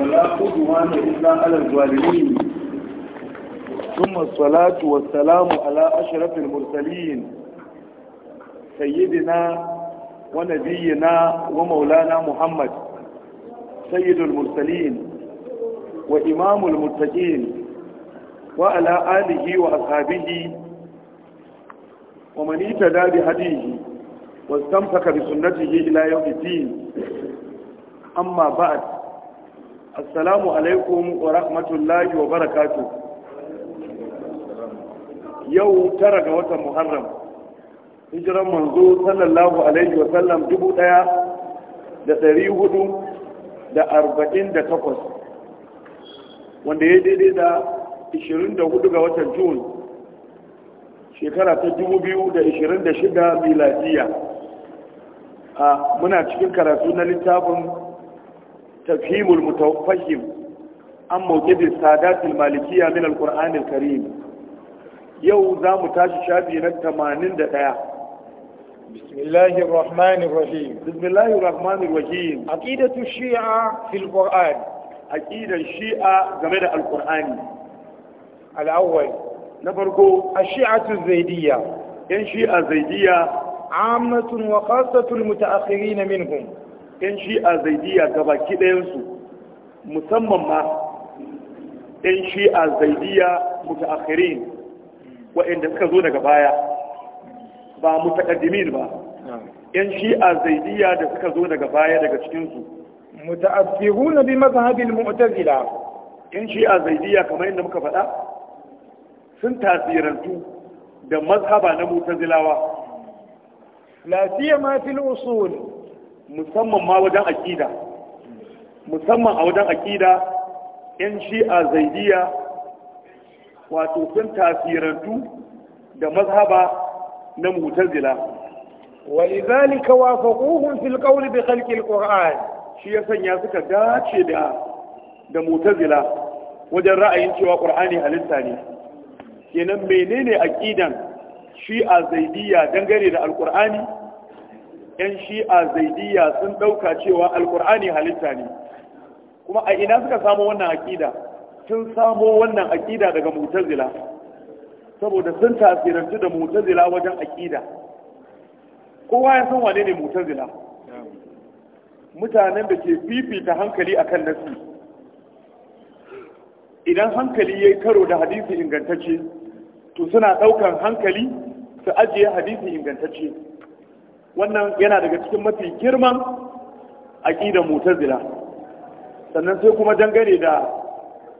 ولا قدوان إلا على الظالمين ثم الصلاة والسلام على أشرف المرسلين سيدنا ونبينا ومولانا محمد سيد المرسلين وإمام المتقين وعلى آله وأصحابه ومن اهتدى بهديه واستمسك بسنته إلى يوم الدين أما بعد assalamu alaikum wa rahmatullahi wa barakatu yau tara ga watan muharram hijiran manzo sallallahu alaihi wa sallam dubu daya da dari hudu da arba'in da takwas wanda ya daidai da ishirin da hudu ga watan jun shekara ta dubu biyu da ishirin da shida miladiya a muna cikin karatu na littafin تفهيم المتفهم أم موجب السادات المالكية من القرآن الكريم يو زام متاش شابي نتمانين دقيا بسم الله الرحمن الرحيم بسم الله الرحمن الرحيم عقيدة الشيعة في القرآن عقيدة الشيعة زمن القرآن الأول نفرقو الشيعة الزيدية إن شيعة زيدية عامة وخاصة المتأخرين منهم yan shi'a zaidiya gabaki ɗayansu musamman ma yan shi'a zaidiya akirin waɗanda suka zo daga baya ba mutaqaddimin ba yan shi'a zaidiya da suka zo daga baya daga cikinsu na bi mazhabil mu'tazila yan shi'a zaidiya kamar yadda muka faɗa sun tasirantu da mazhaba na mutazilawa la siyama fil usul musamman ma wajen aƙida musamman a wajen aƙida yan shi'a zaidiya wato sun tasirantu da mazhaba na mutazila ولذلك وافقوهم في القول بخلق القرآن shi ya sanya suka dace da da mutazila wajen ra'ayin cewa qur'ani halitta ne kenan menene aqidan shi a zaidiya dangane da Alƙur'ani? yan shi'a zaidiya sun ɗauka cewa alkur'ani halitta ne kuma a ina suka samo wannan aƙida sun samo wannan aƙida daga mutazila saboda sun tasirantu da mutazila wajen aƙida kowa ya san wane ne mutazila mutanen da ke fifita hankali kan nasi idan hankali ya yi karo da hadisi ingantacce to suna ɗaukan hankali su ajiye hadisi ingantacce wannan yana daga cikin mafi girman aƙidar mutazila sannan sai kuma dangane da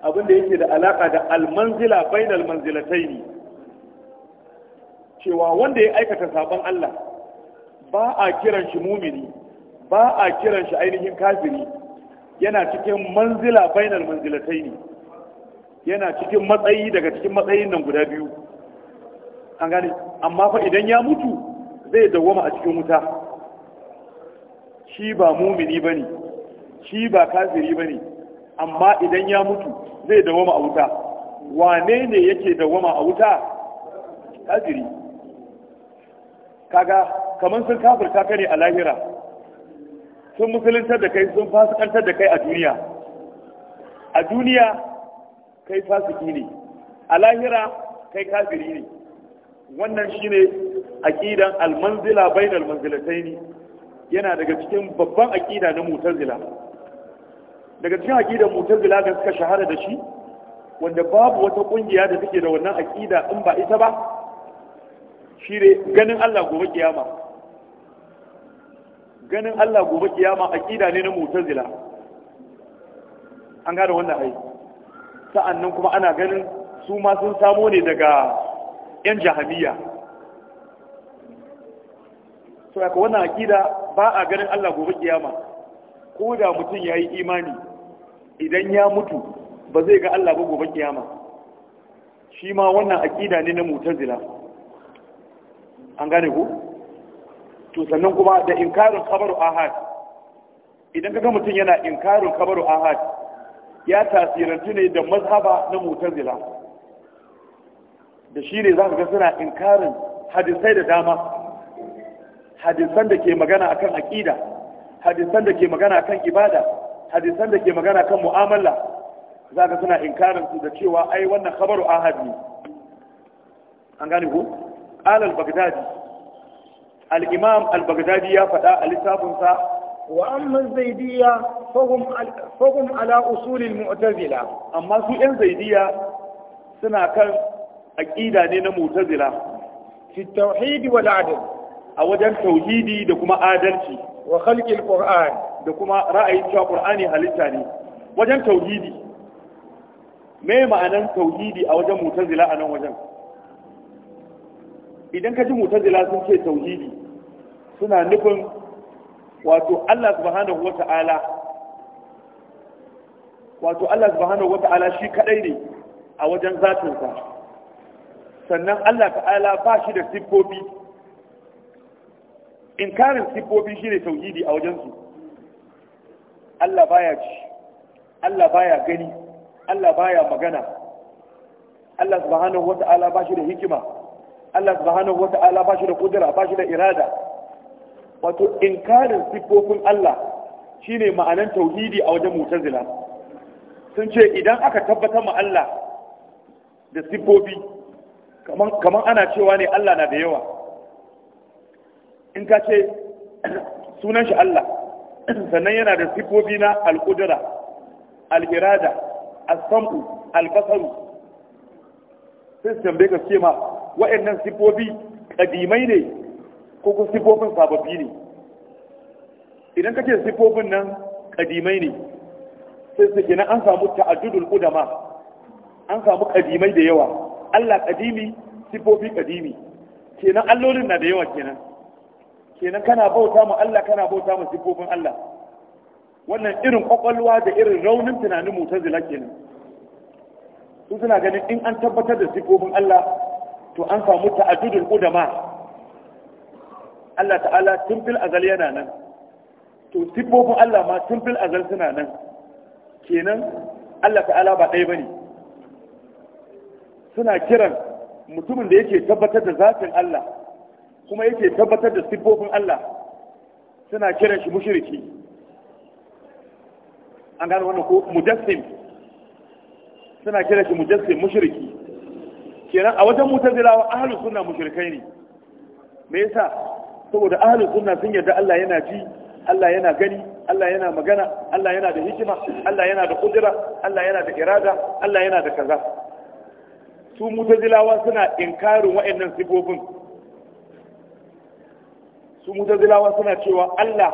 abin da yake da alaƙa da almanzila bainal manzilatai ne cewa wanda ya aikata sabon Allah ba a kiran shi mumini ba a kiran shi ainihin kafiri yana cikin manzila bainal manzilatai ne yana cikin matsayi daga cikin matsayin nan guda biyu an gane amma fa idan ya mutu zai dawoma a cikin wuta shi ba mumini bane shi ba kafiri bane amma idan ya mutu zai dawoma a wuta wane ne yake dawoma a wuta kafiri kaga kaman sun kafirta ka ne a lahira sun musuluntar da kai sun fasikantar da kai a duniya a duniya kai fasiki ne a lahira kai kafiri ne wannan shine aqidan almanzila bainal manzilataini yana daga cikin babban aqida na mutazila daga cikin aqidan mutazila da suka shahara da shi wanda babu wata kungiya da take da wannan aqida in ba ita ba Shire ganin Allah gobe kiyama ganin Allah gobe kiyama aqida ne na mutazila an gane wannan ai sa'annan kuma ana ganin su ma sun samo ne daga yan jahamiya to ka wannan aqida ba a ganin Allah gobe kiyama ko da mutum yayi imani idan ya mutu ba zai ga Allah ba gobe kiyama shi ma wannan aqida ne na mu'tazila an gane ku to sannan kuma da inkarin kabaru ahad idan kaga mutum yana inkarin kabaru ahad ya tasirantu ne da mazhaba na mu'tazila da shi ne za ka ga suna inkarin hadisai da dama hadisan da ke magana akan aqida hadisan da ke magana akan ibada hadisan da ke magana akan mu'amala zaka suna inkarin su da cewa ai wannan khabaru ahad ne an gane ku? qala al-baghdadi al-imam al-baghdadi ya faɗa a littafin sa wa amma zaidiyya fahum fahum ala usul al-mu'tazila amma su yan zaidiyya suna kan aqida ne na mu'tazila fi tauhid wal adl a wajen tauhidi da kuma adalci wa khalqil qur'an da kuma ra'ayin cewa qur'ani halitta ne wajen tauhidi me ma'anan tauhidi a wajen mutazila a nan wajen idan ka ji mutazila sun ce tauhidi suna nufin wato Allah subhanahu wata'ala wato Allah subhanahu wata'ala shi kadai ne a wajen zatinsa sannan Allah ta'ala ba shi da siffofi inkarin siffofi ne tauhidi a wajensu Allah baya ci Allah baya gani Allah baya magana Allah subhanahu wata'ala ba shi da hikima Allah subhanahu wata'ala ba shi da kudura ba shi da irada wato inkarin siffofin Allah shine ma'anan tauhidi a wajen mutazila sun ce idan aka tabbatar ma Allah da siffofi kaman ana cewa ne Allah na da yawa in ka ce sunan shi Allah sannan yana da sifofi na al-qudra al-irada as-sam'u al-basaru sai su tambaye ka ce ma wa'annan sifofi kadimai ne ko ko sifofin sababbi ne idan ka ce sifofin nan kadimai ne sai su kenan an samu ta'addudul qudama an samu kadimai da yawa Allah kadimi sifofi kadimi kenan allolin na da yawa kenan kenan kana bauta mu Allah kana bauta mu sifofin Allah wannan irin kwakwalwa da irin raunin tunanin mutazila kenan su suna ganin in an tabbatar da sifofin Allah to an samu ta'addudul udama Allah ta'ala tun azal yana nan to sifofin Allah ma tun azal suna nan kenan Allah ta'ala ba ɗaya bane suna kiran mutumin da yake tabbatar da zatin Allah kuma yake tabbatar da siffofin Allah suna kiran shi mushriki an gano wannan ko mujassim suna kiran shi mujassim mushriki kenan a wajen mutazilawa ahlus sunna mushrikai ne me yasa saboda ahlus sunna sun yarda Allah yana ji Allah yana gani Allah yana magana Allah yana da hikima Allah yana da kudura Allah yana da irada Allah yana da kaza su mutazilawa suna inkarin wa'annan sifofin su mutazilawa suna cewa Allah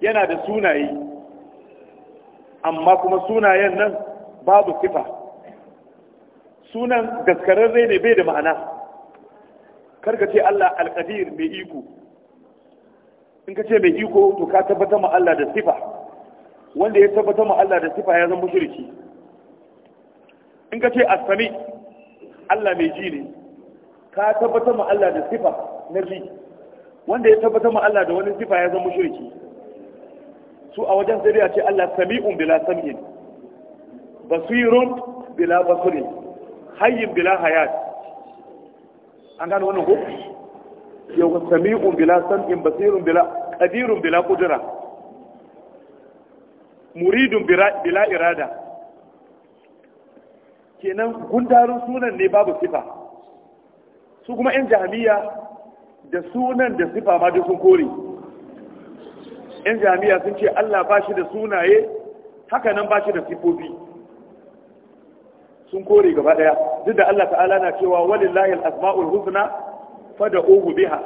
yana da sunaye amma kuma sunayen nan babu sifa sunan daskararre ne bai da ma'ana karka ce Allah alƙadir mai iko in ka ce mai iko to ka tabbatar ma Allah da sifa wanda ya tabbatar ma Allah da sifa ya zama mushriki in ka ce as-sami Allah mai ji ne ka tabbatar ma Allah da sifa na ji wanda ya tabbatar ma Allah da wani sifa ya zama mushriki su a wajen sai ce Allah sami'un bila sam'in basirun bila basirin hayyin bila hayat an gano wannan ko yau sami'un bila sam'in basirun bila qadirun bila qudra muridun bila irada kenan gundarin sunan ne babu sifa su kuma yan jahiliya da sunan da sifa ma duk sun kore yan jami'a sun ce Allah ba shi da sunaye haka nan ba shi da sifofi sun kore gaba daya duk da Allah ta'ala na cewa walillahi al-asma'ul husna fad'uhu biha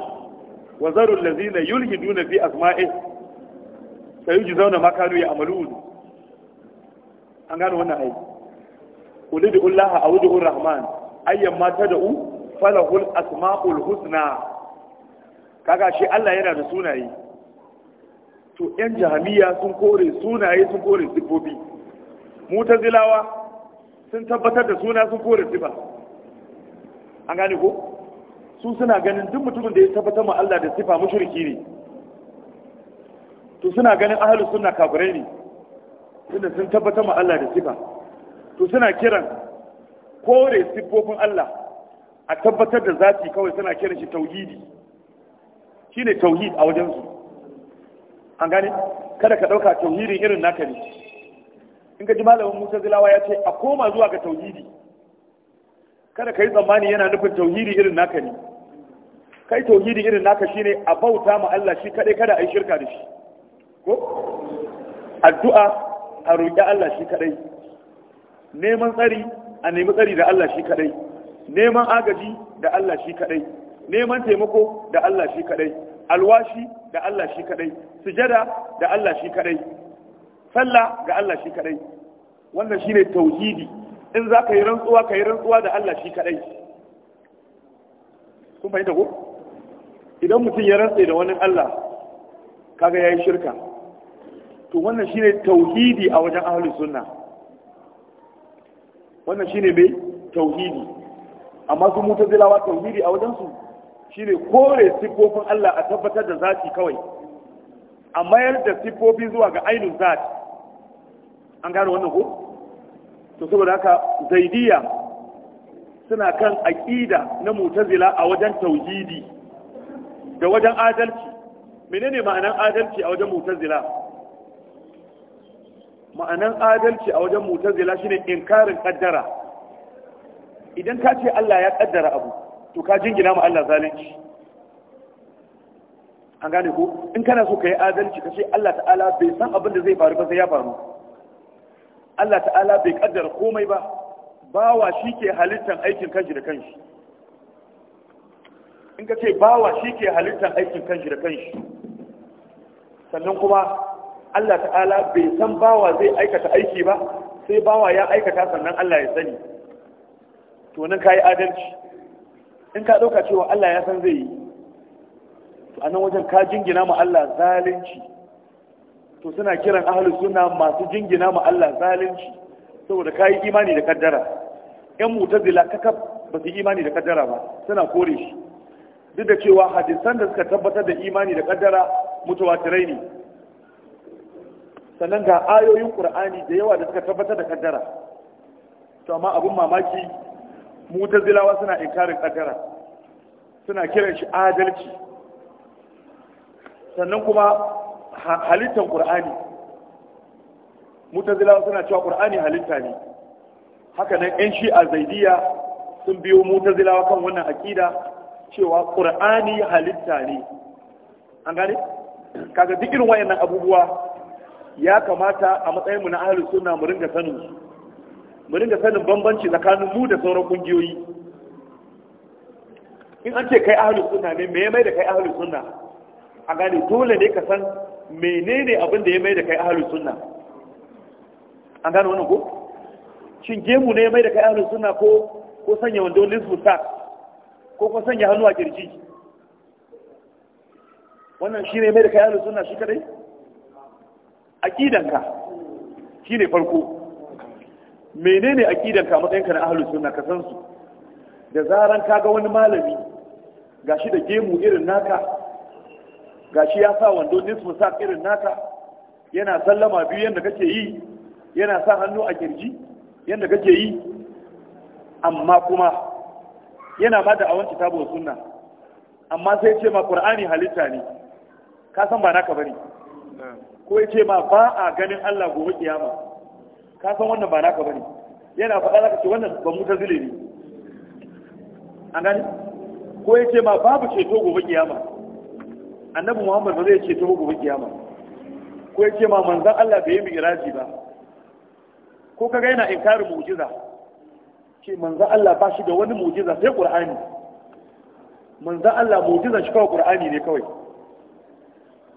wa zaru allazina yulhiduna fi asma'i sayujzauna ma kanu ya'malun an gano wannan ai ulidu Allah a'udhu rahman ayyamma tad'u falahul asma'ul husna kaga shi Allah yana da sunaye to yan jahamiya sun kore sunaye sun kore sifofi mutazilawa sun tabbatar da suna sun kore sifa an gane ko su suna ganin duk mutumin da ya tabbatar ma Allah da sifa mushriki ne to suna ganin ahlus sunna kafirai ne inda sun tabbatar ma Allah da sifa to suna kiran kore sifofin Allah a tabbatar da zati kawai suna kiran shi tauhidi Shi ne tauhid a wajen su an gane kada ka dauka tauhidin irin naka ne in ka ji malamin Musa Zilawa ya ce a koma zuwa ga tauhidi kada ka yi tsammani yana nufin tauhidi irin naka ne kai tauhidi irin naka shine a bauta ma Allah shi kadai kada a yi shirka da shi ko addu'a a roƙi Allah shi kadai neman tsari a nemi tsari da Allah shi kadai neman agaji da Allah shi kadai neman taimako da Allah shi kadai alwashi da Allah shi kadai sujada da Allah shi kadai sallah ga Allah shi kadai wannan shine tauhidi in za ka yi rantsuwa ka yi rantsuwa da Allah shi kadai kun fahimta ko idan mutum ya rantsa da wani Allah kaga yayi shirka to wannan shine tauhidi a wajen ahlus sunna wannan shine mai tauhidi amma su mutazilawa tauhidi a wajen su shine kore siffofin Allah a tabbatar da zati kawai a mayar da siffofi zuwa ga ainihin zati an gane wannan ko to saboda haka zaidiya suna kan aqida na mutazila a wajen tauhidi da wajen adalci menene ma'anan adalci a wajen mutazila ma'anan adalci a wajen mutazila shine inkarin kaddara idan ka ce Allah ya kaddara abu to ka jingina ma Allah zalunci an gane ko in kana so ka yi adalci ka ce Allah ta'ala bai san abin da zai faru ba sai ya faru Allah ta'ala bai kaddara komai ba bawa shi ke halittar aikin kanshi da kanshi in ka ce bawa shi ke halittar aikin kanshi da kanshi sannan kuma Allah ta'ala bai san bawa zai aikata aiki ba sai bawa ya aikata sannan Allah ya sani to nan yi adalci in ka ɗauka cewa Allah ya san zai yi to a nan wajen ka jingina ma Allah zalunci to suna kiran ahalu suna masu jingina ma Allah zalunci saboda ka yi imani da kaddara yan mutazila kaka ba su imani da kaddara ba suna kore shi duk da cewa hadisan da suka tabbatar da imani da kaddara mutawatirai ne sannan ga ayoyin qur'ani da yawa da suka tabbatar da kaddara to amma abin mamaki mutazilawa suna inkarin kaddara suna kiran shi adalci sannan kuma halittar qur'ani mutazilawa suna cewa ƙur'ani halitta ne haka nan yan shi'a zaidiya sun biyo mutazilawa kan wannan akida cewa qur'ani halitta ne an gane kaga duk irin wayannan abubuwa ya kamata a matsayinmu na ahlus sunna mu ringa sanin su mu dinga sanin bambanci tsakanin mu da sauran kungiyoyi in an ce kai ahlus sunna ne me ya mai da kai ahlus sunna a gane dole ne ka san menene abin da ya mai da kai ahlus sunna an gane wannan ko shin gemu ne ya mai da kai ahlus sunna ko ko sanya wando nisbu sa ko ko sanya hannu a kirji wannan shi ne mai da kai ahlus sunna shi kadai aqidanka shi ne farko menene aqidan ka matsayin ka na ahlus sunna ka san su da zaran kaga wani malami gashi da gemu irin naka gashi ya sa wando nisfu sa irin naka yana sallama biyu yadda kake yi yana sa hannu a kirji yadda kake yi amma kuma yana ba da awon kitabu sunna amma sai ce ma qur'ani halitta ne ka san ba naka bane ko ya ce ma ba a ganin Allah gobe kiyama ka san wannan ba naka bane yana faɗa zaka ce wannan ba zile ne an gani ko ya ce ma babu ceto gobe kiyama annabi muhammad ba zai ceto gobe kiyama ko ya ce ma manzan allah bai yi miraji ba ko kaga yana inkarin mu'jiza ce manzan allah ba shi da wani mu'jiza sai qur'ani manzan allah mu'jiza shi kawai qur'ani ne kawai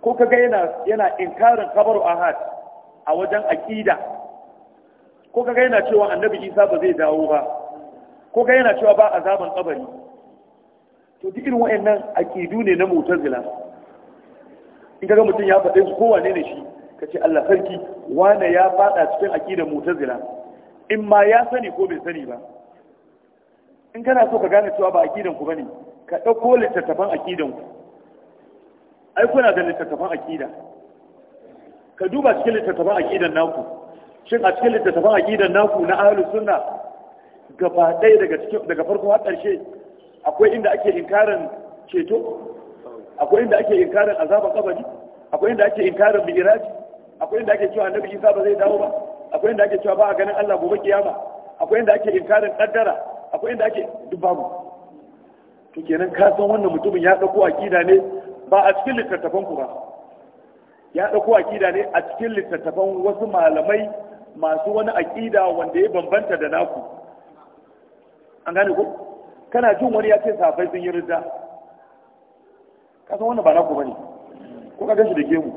ko kaga yana yana inkarin kabaru ahad a wajen aqida ko kaga yana cewa annabi isa ba zai dawo ba ko kaga yana cewa ba azaban kabari to duk irin wayannan aqidu ne na mu'tazila in kaga mutum ya faɗe su ko wane ne shi kace Allah sarki wane ya faɗa cikin aqidar mu'tazila in ma ya sani ko bai sani ba in kana so ka gane cewa ba aqidan ku bane ka dauko littattafan aqidan ku ai kuna da littattafan aqida ka duba cikin littattafan aqidan naku shin a cikin littattafan aqidar naku na ahlus sunna gaba ɗaya daga cikin daga farko har ƙarshe akwai inda ake inkarin ceto akwai inda ake inkarin azaban kabari akwai inda ake inkarin mi'raji akwai inda ake cewa annabi Isa ba zai dawo ba akwai inda ake cewa ba a ganin Allah gobe kiyama akwai inda ake inkarin kaddara akwai inda ake duk babu to kenan ka san wannan mutumin ya dauko aqida ne ba a cikin littattafan ku ba ya dauko aqida ne a cikin littattafan wasu malamai masu wani aƙida wanda ya bambanta da naku an gane ko kana jin wani ya ce safai sun yi Ka san wannan ba naku bane ko ka gashi da ke mu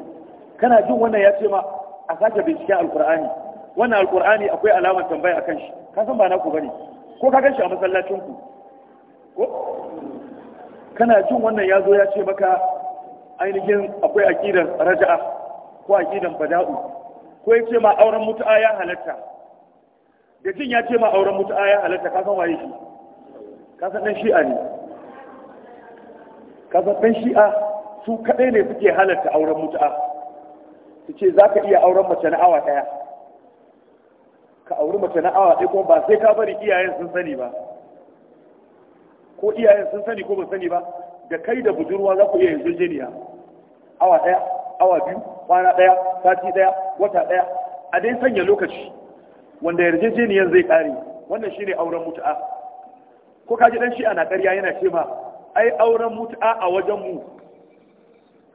kana jin wannan ya ce ma a sake binciken alkur'ani wannan alkur'ani akwai alamar tambaya akan shi Ka san ba naku bane ko ka gashi a masallacin ku ko kana jin wannan ya zo ya ce maka ainihin akwai aƙidar raja'a ko aƙidar bada'u ko ya ce ma auren mutu'a ya halatta da jin ya ce ma auren mutu'a ya halatta kasan waye shi kasan dan shi'a ne kasan dan shi'a su kadai ne suke halatta auren mutu'a su ce za ka iya auren mace na awa daya ka auri mace na awa ɗaya kuma ba sai ka bari iyayen sun sani ba ko iyayen sun sani ko ba sani ba da kai da budurwa za ku iya yanzu jiniya awa ɗaya awa biyu kwana ɗaya sati ɗaya wata ɗaya a dai sanya lokaci wanda yarjejeniyar zai ƙare wannan shi ne auren mutu'a ko kaji dan shi ana ƙarya yana ce ma ai auren mutu'a a wajen mu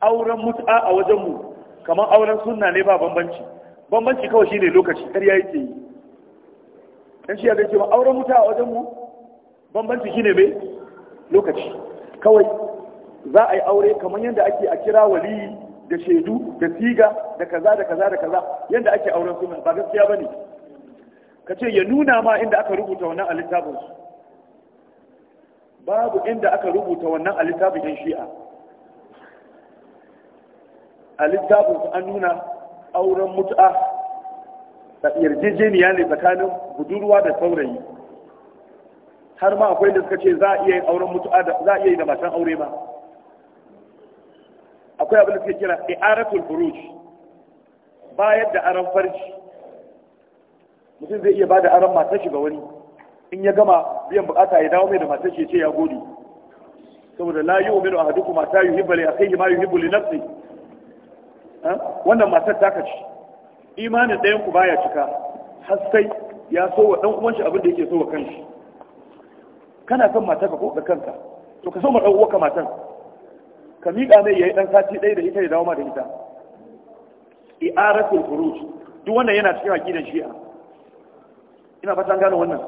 auren mutu'a a wajen mu kamar auren sunna ne ba bambanci bambanci kawai shi ne lokaci ƙarya yake yi dan shi ya ce ma auren mutu'a a wajen mu bambanci ne mai lokaci kawai za a yi aure kamar yadda ake a kira waliyi da shaidu da siga da kaza da kaza da kaza yadda ake auren sunan ba gaskiya ba ne ka ce ya nuna ma inda aka rubuta wannan a littafinsu babu inda aka rubuta wannan a littafin yan shi'a a littafinsu an nuna auren mutu'a da yarjejeniya ne tsakanin budurwa da saurayi har ma akwai da suka ce za a iya yin auren mutu'a za a iya yi da matan aure ba akwai abin da suke kira i'aratul buruj bayar da aran farji mutum zai iya bada aran matar shi ga wani in ya gama biyan bukata ya dawo mai da matar shi ya ce ya gode saboda la yu'minu ahadukum mata yuhibba li akhihi ma yuhibbu li nafsihi wannan matar ta kaci imanin ɗayan ku baya cika har sai ya so wa ɗan uwanshi abin da yake so wa kanshi kana son matar ka ko da kanka to ka so ma ɗan uwa ka matar ka miƙa mai yayi dan sati ɗaya da ita ya dawo ma da ita i'aratul furuj duk wannan yana cikin aqidar shi'a ina fatan gane wannan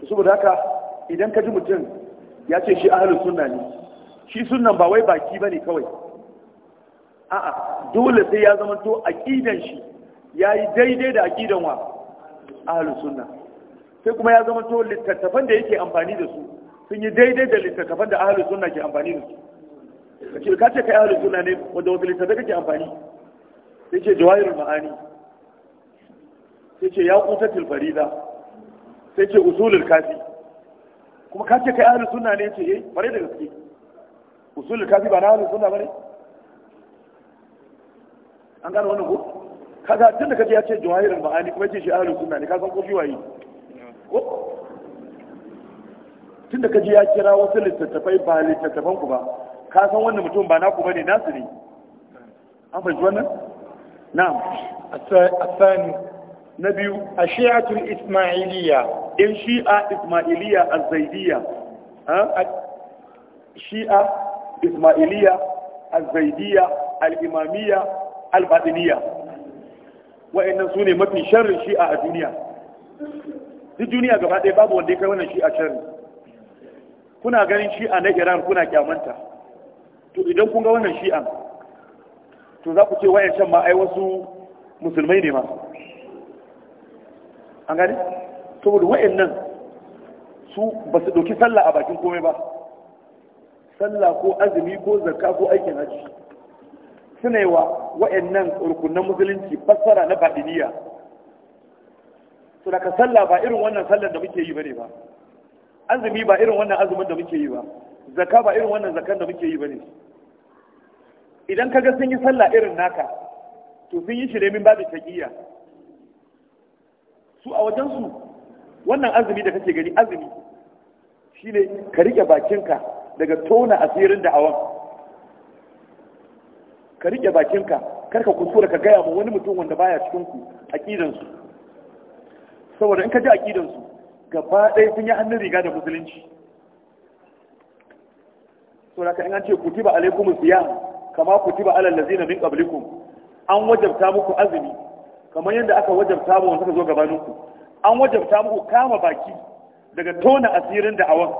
to saboda haka idan ka ji mutum ya ce shi ahlus sunna ne shi sunnan ba wai baki bane kawai a'a dole sai ya zama to aqidan shi yayi daidai da aqidan wa ahlus sunna sai kuma ya zama to littattafan da yake amfani da su sun yi daidai da littattafan da ahlus sunna ke amfani da su ce ka ce ka ahlus suna ne wanda ta littafai kake amfani sai ce jawahirul ma'ani sai ce ya qutatul farida sai ce usulul kafi kuma ka ce ka ahlus suna ne ce eh bare da gaske usulul kafi ba na suna ba ne? an gano wannan ko kaga tunda kaje ya ce jawahirul ma'ani kuma ce shi ahlus suna ne ka san ko shi waye ko tunda kaje ya kira wasu littattafai ba littattafan ku ba ka san wannan mutum ba naku bane nasu ne an fahimci wannan na'am asani na biyu a shi'atul ismailiyya in shi'a ismailiyya azzaidiyya shi'a ismailiyya azzaidiyya al-imamiyya al-batiniyya wa'annan su ne mafi sharrin shi'a a duniya duk duniya gaba ɗaya babu wanda ya kai wannan shi'a sharri kuna ganin shi'a na iran kuna kyamanta to idan kun ga wannan shi'an to za ku ce wayan shan ma ai wasu musulmai ne ma an gani To saboda wayan nan su ba su ɗauki sallah a bakin komai ba sallah ko azumi ko zakka ko aikin haji suna yi wa wayan nan rukunan musulunci fassara na baɗiniya su daga sallah ba irin wannan sallar da muke yi ba ne ba azumi ba irin wannan azumin da muke yi ba Zaka ba irin wannan zakan da muke yi ba ne. idan kaga sun yi sallah irin naka to sun yi shirye min babu taqiyya su a wajen su wannan azumi da kake gani azumi shine ka rike bakinka daga tona asirin da awan ka rike bakinka kar ka kusura ka gaya ma wani mutum wanda baya cikin ku aqidan saboda in ka ji aqidan su gaba ɗaya sun yi hannun riga da musulunci so da in an ce kutiba alaikum siyam kama kutiba alal ladina min qablikum an wajabta muku azumi kamar yadda aka wajabta mu wanda zo zo gabaninku an wajabta muku kama baki daga tona asirin da awan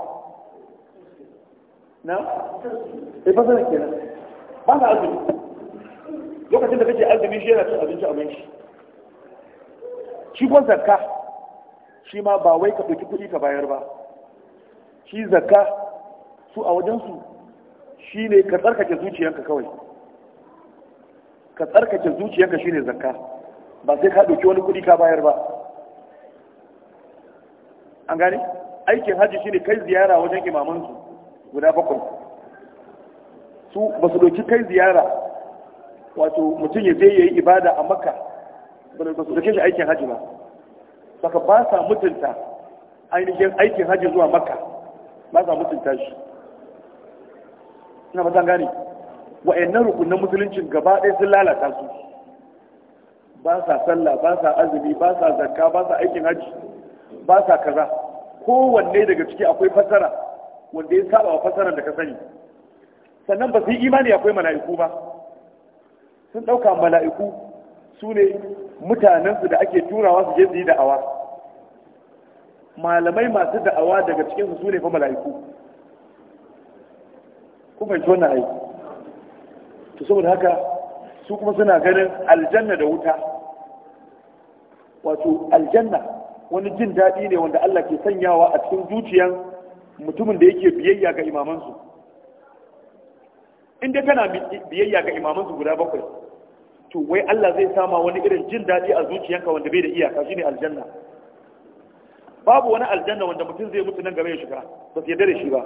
na eh ba sanin kenan ba ka azumi lokacin da kake azumi shi yana cin abinci a shi shi kwan zakka shi ma ba wai ka ɗauki kuɗi ka bayar ba shi zakka su a wajensu shine ka tsarkake zuciyanka kawai ka tsarkake zuciyanka shine zakka ba sai ka ɗauki wani kuɗi ka bayar ba an gane aikin hajji shine kai ziyara wajen imamansu guda bakwai su ba su ɗauki kai ziyara wato mutum ya je ya yi ibada a makka ba su ɗauke shi aikin hajji ba saka ba sa mutunta ainihin aikin hajji zuwa makka ba sa mutunta shi ina matan gane wa'annan rukunan musuluncin gaba ɗaya sun lalata su ba sa sallah ba sa azumi ba sa zakka ba sa aikin hajji ba sa kaza kowanne daga ciki akwai fasara wanda ya saba wa fasaran da ka sani sannan ba su yi imani akwai mala'iku ba sun ɗauka mala'iku su ne mutanensu da ake turawa su je su yi da'awa malamai masu da'awa daga cikinsu su ne fa mala'iku kuma fahimci wannan aiki to saboda haka su kuma suna ganin aljanna da wuta wato aljanna wani jin daɗi ne wanda Allah ke sanyawa a cikin zuciyan mutumin da yake biyayya ga imamansu in dai kana biyayya ga imamansu guda bakwai to wai Allah zai sama wani irin jin daɗi a zuciyanka wanda bai da iyaka shine aljanna babu wani aljanna wanda mutum zai mutu nan gaba ya shiga ba su yarda da shi ba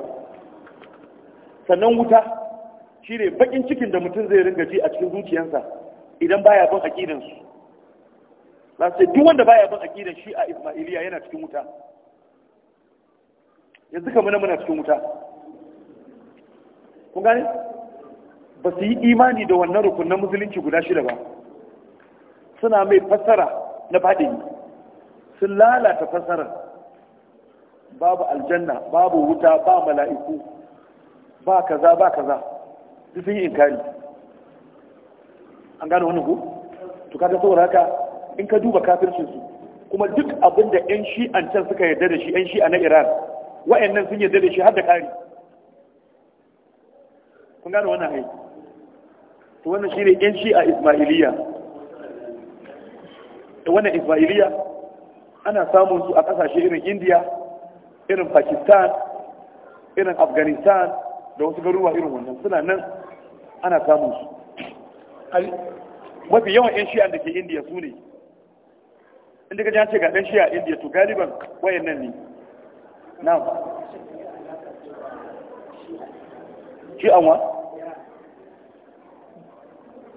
sannan wuta shi ne bakin cikin da mutum zai ringa ji a cikin zuciyarsa idan baya bin aqidan su duk wanda baya bin aqidan shi a Ismailiya yana cikin wuta yanzu kamar muna cikin wuta kun gane ba su yi imani da wannan rukunan musulunci guda shida ba suna mai fassara na faɗi sun lalata fassarar babu aljanna babu wuta ba mala'iku ba kaza ba kaza duk sun yi inkari an gano wani ku to kaga saboda haka in ka duba kafircin su kuma duk abin da yan an can suka yarda da shi yan a na Iran wa'annan sun yarda da shi har da kari kun gano wannan hai to wannan shine yan shi shi'a Ismailiyya wannan Ismailiyya ana samun su a kasashe irin India irin Pakistan irin Afghanistan da wasu garuruwa irin wannan suna nan ana samun su mafi yawan yan shi'a da ke indiya su ne inda ka ce ga dan shi'a indiya to galiban nan ne na shi'an wa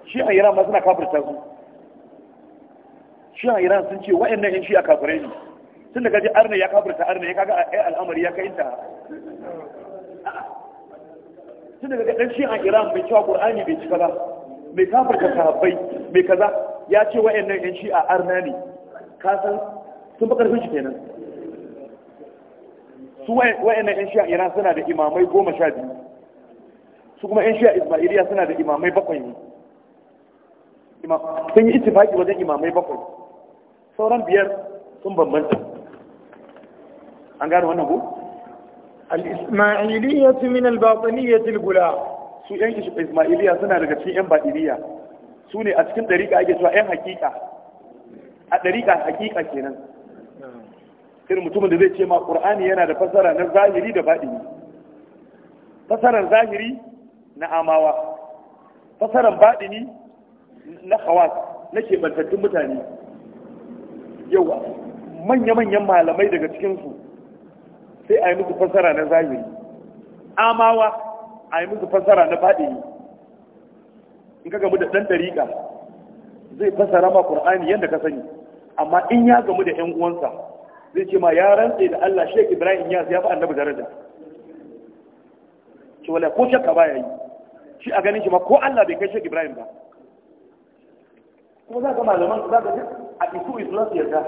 shi'an iran ma suna kafirta su shi'an iran sun ce nan yan shi'a kafirai ne tun da kaji arna ya kafirta arna ya kaga eh, al'amari ya kai ta tun daga ɗan shi a iran mai cewa ƙur'ani bai cika ba mai ka sahabbai mai kaza ya ce nan yan a arna ne ka san sun fi karfin shi kenan su nan yan a iran suna da imamai goma sha biyu su kuma yan a ismailiya suna da imamai bakwai ne sun yi ittifaki wajen imamai bakwai sauran biyar sun bambanta an gane wannan ko al-ismailiyya min al-batiniyya al-gula su yan ismailiyya suna daga cikin yan batiniyya su ne a cikin ɗariƙa ake cewa yan haƙiƙa. a ɗariƙa haƙiƙa kenan irin mutumin da zai ce ma qur'ani yana da fasara na zahiri da batini fasaran zahiri na amawa fasaran batini na khawas na bantattun mutane yawa manya-manyan malamai daga cikinsu sai a yi musu fassara na zahiri amawa a yi musu fassara na baɗini in ka gamu da ɗan dariƙa zai fassara ma ƙur'ani yadda ka sani amma in ya gamu da ƴan uwansa zai ce ma ya rantse da Allah Sheikh Ibrahim ya ya fi annabi daraja ce wala ko shakka ba yi shi a ganin shi ma ko Allah bai kai Sheikh Ibrahim ba kuma za ka malaman za ka a isu isu za yarda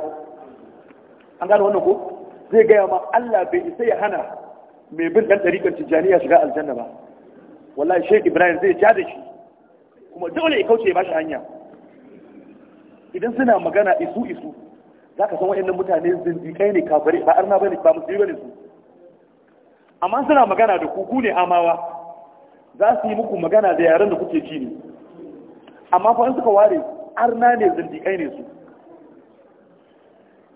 an gane wannan ko zai gaya ma Allah bai isa ya hana mai bin ɗan ɗarikan tijjaniya shiga aljanna ba wallahi sheik ibrahim zai ja da shi kuma dole ya kauce ya bashi hanya idan suna magana isu isu za ka san waɗannan mutane zindiƙai ne kafare ba arna ba ne ba musulmi bane su amma suna magana da kuku ne amawa za su yi muku magana da yaren da kuke ji ne amma fa in suka ware arna ne zindiƙai ne su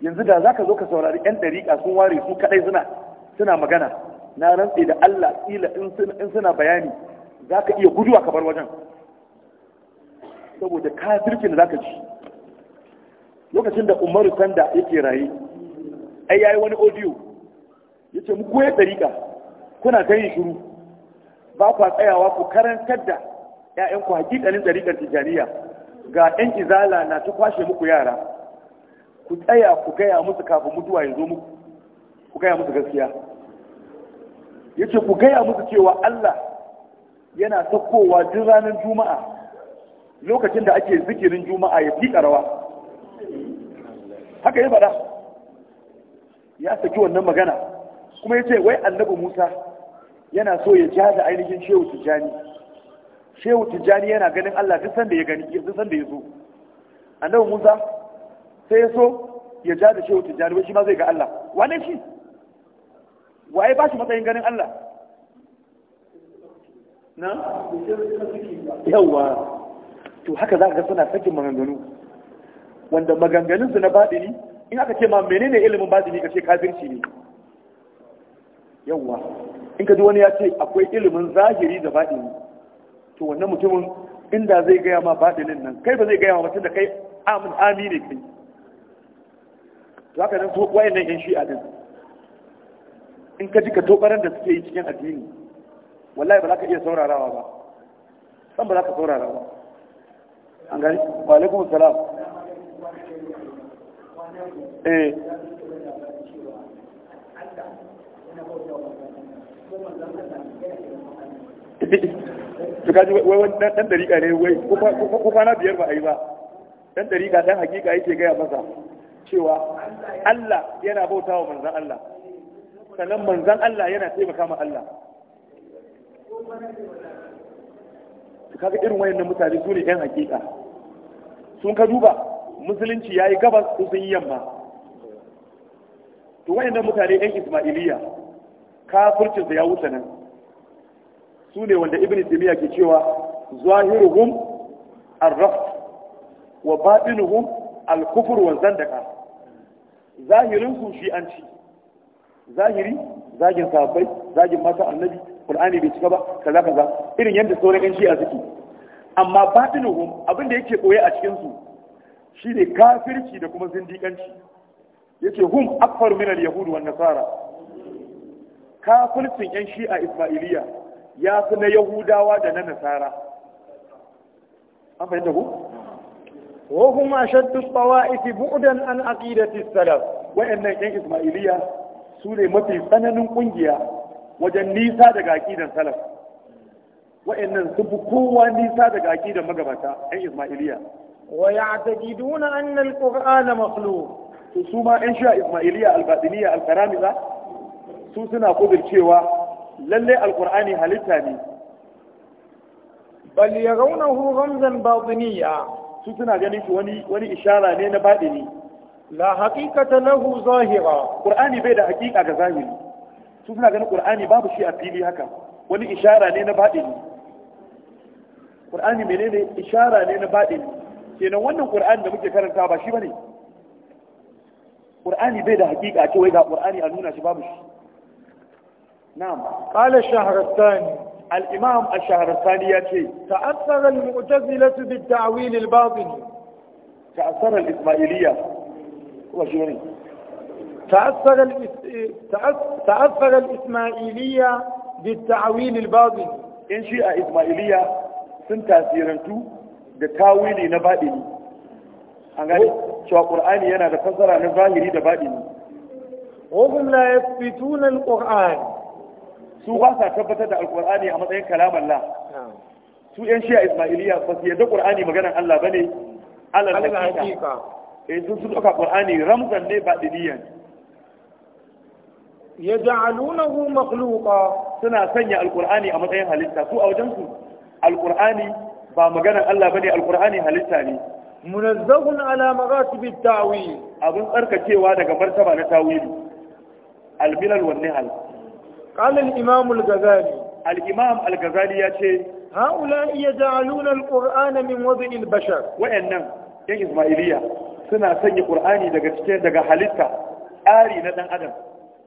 yanzu da za ka zo ka saurari 'yan ɗariƙa sun ware su kaɗai suna suna magana na rantse da Allah ƙila in suna bayani za ka iya guduwa ka bar wajen saboda zirkin da za ka ci lokacin da umaru sanda yake raye ai ya yi wani audio ya ce muku ya ɗariƙa kuna ta yin shiru ba kwa tsayawa ku karantar da 'ya'yanku hakikalin ɗariƙar tijaniya ga 'yan izala na ta kwashe muku yara ku tsaya ku gaya musu kafin mutuwa ya zo muku ku gaya musu gaskiya ya ku gaya musu cewa Allah yana saukowa duk ranar juma'a lokacin da ake zikirin juma'a ya fi rawa haka ya faɗa ya saki wannan magana kuma ya ce wai annabi musa yana so ya ja da ainihin shehu tijjani shehu tijjani yana ganin allah duk sanda ya gani duk sanda ya zo annabi musa sai ya so ya ja da shehu tijjani shi ma zai ga Allah wane shi waye ba shi matsayin ganin Allah na yawa to haka za ka ga suna sakin maganganu wanda maganganun su na baɗini in aka ce ma menene ilimin baɗini ka ce kafirci ne yawa in ka ji wani ya ce akwai ilimin zahiri da baɗini to wannan mutumin inda zai gaya ma baɗinin nan kai ba zai gaya ma mutum da kai amin amine kai za ka nan wayannan yan shi'a din in ka ji ka tobaran da suke yi cikin addini wallahi ba za ka iya saurarawa ba san ba za ka saurara ba an gani wa alaikum salam eh su kaji wai wani dan ne wai ko na biyar ba a yi ba dan dariƙa dan hakika yake gaya masa cewa Allah yana bauta wa manzan Allah sannan manzan Allah yana taimaka ma Allah kaga irin wayannan mutane su ne yan hakika sun ka duba musulunci ya yi gabas ko sun yi yamma to wayannan mutane yan ismailiya kafircinsa ya wuce nan su ne wanda ibn taymiya ke cewa hiruhun al rafd wa batinuhum al wanzan wa zandaka zahirin ku shi an ci zahiri zagin sahabbai zagin mata annabi qur'ani bai cika ba kaza kaza irin yadda sauran yan shi'a suke amma batinuhum abin da yake koye a cikin su shine kafirci da kuma zindiƙanci yace hum akfar min al-yahud wa nasara kafircin yan shi'a isma'iliya ya fi na yahudawa da na nasara an fahimta ku وهم أشد الطوائف بعدا عن عقيدة السلف وإن كان إسماعيلية سورة مفي سنن قنجية وجن نيسا دقا عقيدة السلف وإن سبقوا نيسا دقا عقيدة مقبتا أي إسماعيلية ويعتقدون أن القرآن مخلوق سوما إنشاء إسماعيلية الباطنية الكرامزة سوسنا قدر شيوا للي القرآن هلتاني بل يرونه رمزا باطنيا su suna ganin shi wani wani ishara ne na ne la haqiqata lahu zahira qur'ani bai da haqiqa ga zahiri su suna ganin qur'ani babu shi a fili haka wani ishara ne na ne qur'ani menene ishara ne na ne kenan wannan qur'ani da muke karanta ba shi bane qur'ani bai da haqiqa ce wai ga qur'ani a nuna shi babu shi na'am qala shahrastani الإمام الشهر الثاني يأتي تأثر المعتزلة بالتعويل الباطني تأثر الإسماعيلية وشوني تأثر الإس... تأثر الإسماعيلية بالتعويل الباطني إن شاء إسماعيلية sun tasirantu da tawili na baɗini an gani القران ƙur'ani yana da fassara na su ba sa tabbatar da alkur'ani a matsayin kalam Allah su yan shi'a ismailiya ba su yadda qur'ani maganar Allah bane alal hakika eh sun su doka qur'ani ramzan ne ba diniyan yaj'alunahu makhluqa suna sanya alkur'ani a matsayin halitta su a wajen su alkur'ani ba maganar Allah bane alkur'ani halitta ne munazzahun ala maratib at-ta'wil abun tsarkakewa daga martaba na tawil al-milal wan nihal قال الإمام الغزالي الإمام الغزالي يأتي هؤلاء يجعلون القرآن من وضع البشر وإنهم yan Isma'iliya suna sanya Qur'ani daga cikin daga halitta tsari na dan adam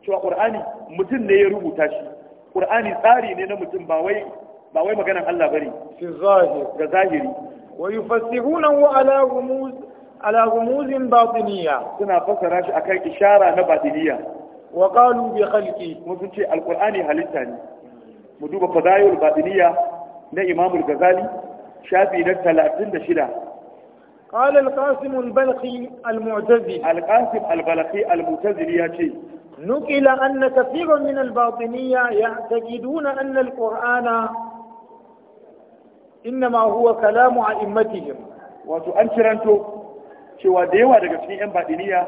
cewa Qur'ani mutum ne ya rubuta shi Qur'ani tsari ne na mutum ba wai maganan Allah bane fi zahir ga zahiri wa yufassiruna wa ala ala suna fassara shi kan ishara na batiniya wa qalu bi khalqi sun ce alqur'ani halitta ne mu duba fadayul batiniya na imam al-ghazali shafi na 36 qala al-qasim al-balqi al-mu'tazi al نقل أن كثيرا من الباطنية يعتقدون أن القرآن إنما هو كلام أئمتهم wato an kiranto cewa da yawa daga cikin 'yan baɗiniya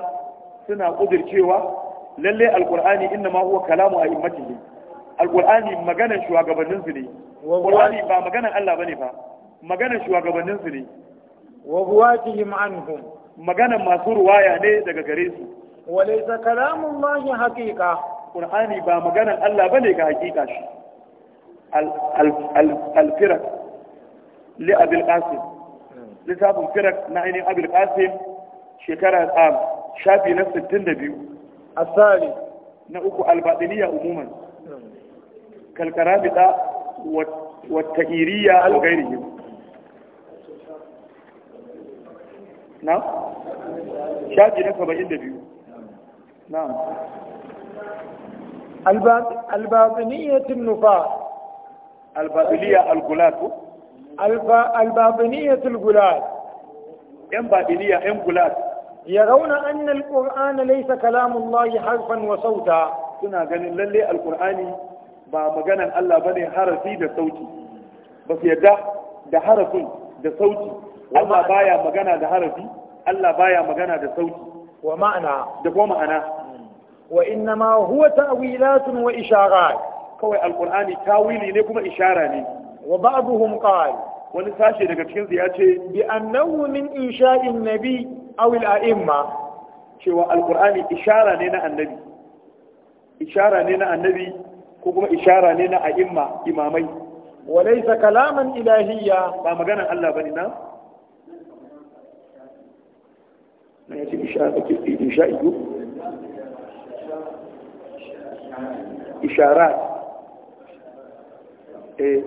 suna ƙudircewa? lalle alqur'ani inna ma huwa kalamu a'immatihi alqur'ani maganan shugabannin su ne qur'ani ba maganan Allah bane fa maganan shugabannin su ne wa huwatihim anhum maganan masu ruwaya ne daga gare su wa laysa kalamullahi haqiqa qur'ani ba maganan Allah bane ga haqiqa shi al-firaq li abil qasim hmm. littafin firak na ainihin abil qasim shekara ah, shafi na 62 الثالث نأكو الباطنية عموما كالكرابطة والتئيرية وغيرهم نعم شاجي نسبة عند بيو نعم الباطنية النفاق الباطنية الغلاف الباطنية الغلاف ين باطنية ين غلاف Ya rauna يرون أن القرآن ليس كلام الله حرفا وصوتا Suna ganin lalle Alƙur'ani, ba maganan Allah ba ne harafi da sauti ba su yadda da harafin da sauti Allah baya magana da harafi Allah baya magana da sauti wa ma'ana da kuma ma'ana wa inna ma huwa ta'wilatun wa isharat kawai alqur'ani tawili ne kuma ishara ne wa ba'dhum qala wani sashe daga cikin ya ce bi annahu min insha'in nabi awil a'imma cewa alkur'ani ishara ne na annabi ishara ne na annabi ko kuma ishara ne na a'imma imamai walaysa kalaman ilahiyya ba maganan Allah bane na ishara ke eh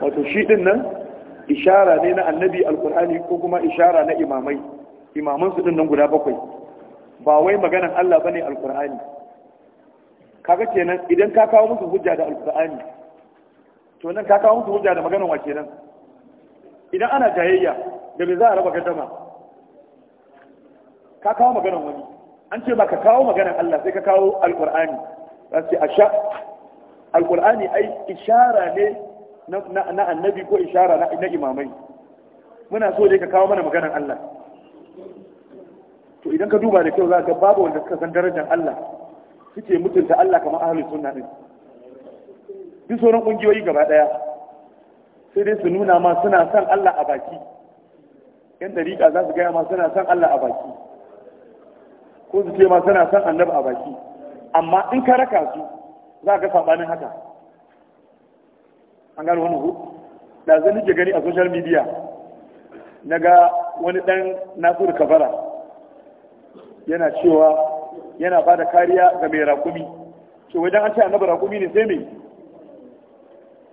wato shi din nan ishara ne na annabi alkur'ani ko kuma ishara na imamai imaman su nan guda bakwai ba wai maganan Allah bane alkur'ani kaga kenan idan ka kawo musu hujja da alkur'ani to nan ka kawo musu hujja da maganan wa kenan idan ana jayayya da me za a raba gaddama ka kawo maganan wani an ce ba ka kawo maganan Allah sai ka kawo alkur'ani za su asha alkur'ani ai ishara ne na annabi ko ishara na imamai muna so dai ka kawo mana maganar Allah to idan ka duba da kyau za ga babu wanda suka san darajar Allah suke mutunta Allah kamar ahlus sunna din duk sauran kungiyoyi gaba daya sai dai su nuna ma suna san Allah a baki yan dariƙa za su gaya ma suna san Allah a baki ko su ce ma suna san annabi a baki amma in ka raka su za ka sabanin haka an gano wani hu da zan nike gani a social media na ga wani ɗan nasiru kabara yana cewa yana ba da kariya ga mai rakumi ce wajen an ce annabi rakumi ne sai mai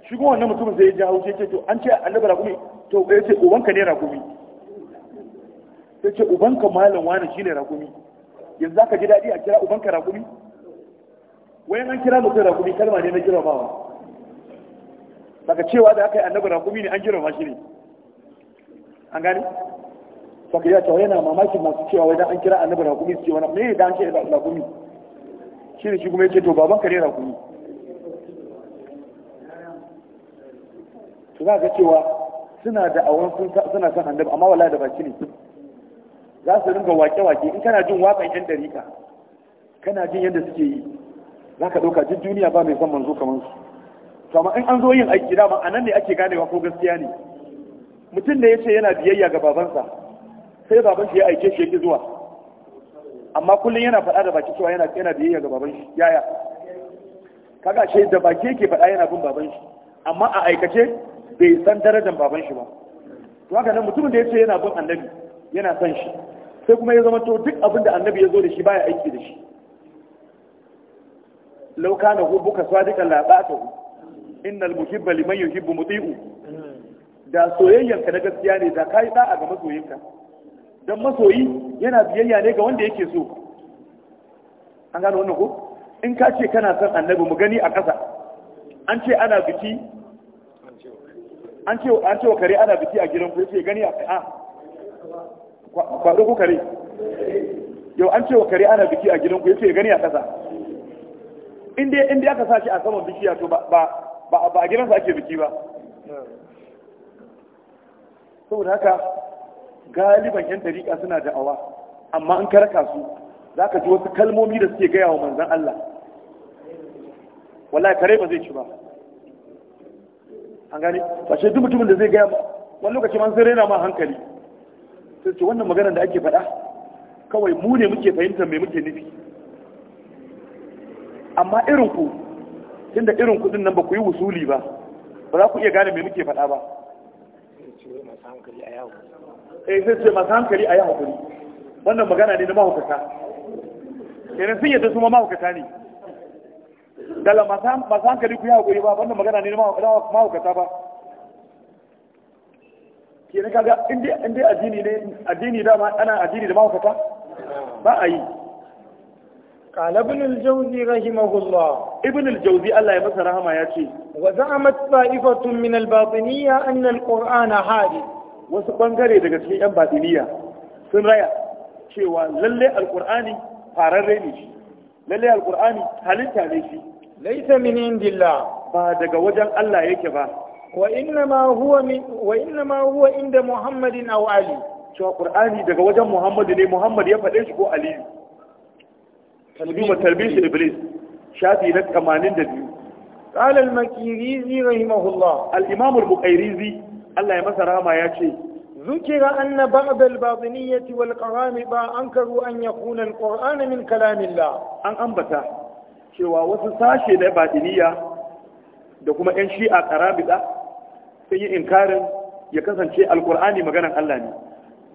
shi kuma wannan mutum zai ji haushi ce to an ce annabi rakumi to ya ce ubanka ne rakumi sai ce ubanka malam wani shine rakumi yanzu zaka ji daɗi a kira ubanka rakumi wayan an kira mutum rakumi kalma ne na girmamawa daga cewa da aka yi annabi raƙumi ne an girma shi ne an gani saka ya cewa yana mamakin masu cewa wai dan an kira annabi raƙumi su ce wani me da an ce raƙumi shi ne shi kuma yake to baban kare raƙumi to za ga cewa suna da awon suna son annabi amma wallahi da baki ne za su ringa wake-wake in kana jin wakan yan dariƙa kana jin yadda suke yi za ka ɗauka duk duniya ba mai son manzo kamar su kama in an zo yin aiki dama a nan ne ake ganewa ko gaskiya ne mutum da ya ce yana biyayya ga babansa sai baban shi ya aike shi yake zuwa amma kullum yana faɗa da baki cewa yana yana biyayya ga baban shi yaya kaga shi da baki yake faɗa yana bin baban shi amma a aikace bai san darajar baban shi ba to haka nan mutumin da ya ce yana bin annabi yana son shi sai kuma ya zama to duk abin da annabi ya zo da shi baya aiki da shi lau kana hu buka sadiqan la hu. innal muhibba liman yuhibbu muti'u da soyayyanka na gaskiya ne da kai da'a ga masoyinka dan masoyi yana biyayya ne ga wanda yake so an gano wannan ko in ka ce kana son annabi mu gani a ƙasa an ce ana biki an ce an ce kare ana biki a gidan ku yace gani a a ba ko kare yau an ce kare ana biki a gidan ku yace gani a ƙasa in dai aka sa shi a saman bishiya to ba ba a gidansa ake biki ba saboda haka galiban yan tariƙa suna da'awa amma an karaka su za ka ji wasu kalmomi da suke gaya wa manzan Allah wallahi kare ba zai ci ba an gani. fashe duk mutumin da zai gaya wani lokaci man sai raina ma hankali sai ce wannan maganar da ake faɗa kawai mu ne muke fahimtar me muke nufi amma irin ku tunda irin kudin nan ba ku yi wusuli ba ba za ku iya gane me muke faɗa ba eh sai ce masu hankali a yi hakuri wannan magana ne na mahaukata kenan sun yadda su ma mahaukata ne dala masu hankali ku yi hakuri ba wannan magana ne na mahaukata ba kenan kaga in addini ne addini dama ana addini da mahaukata ba a yi قال ابن الجوزي رحمه الله ابن الجوزي الله يمسه رحمه ياتي وزعمت طائفة من الباطنية أن القرآن حادث وسبنغري daga cikin yan batiniya sun raya cewa lalle alqur'ani fararre ne shi lalle alqur'ani halitta ne shi laysa min indillah ba daga wajen Allah yake ba wa innama huwa min huwa inda muhammadin aw ali cewa qur'ani daga wajen muhammadu ne muhammad ya faɗe shi ko aliyu talbima talbishi iblis shafi na 82 قال المكيريزي رحمه الله الإمام البقيريزي الله يمسر ما يأتي ذكر أن بعض الباطنية والقرامبة أنكروا أن يكون القرآن من كلام الله أن أنبتا شوى وسساشي ده باطنية da kuma 'yan shi'a karabida sun yi inkarin ya kasance alkur'ani maganan Allah ne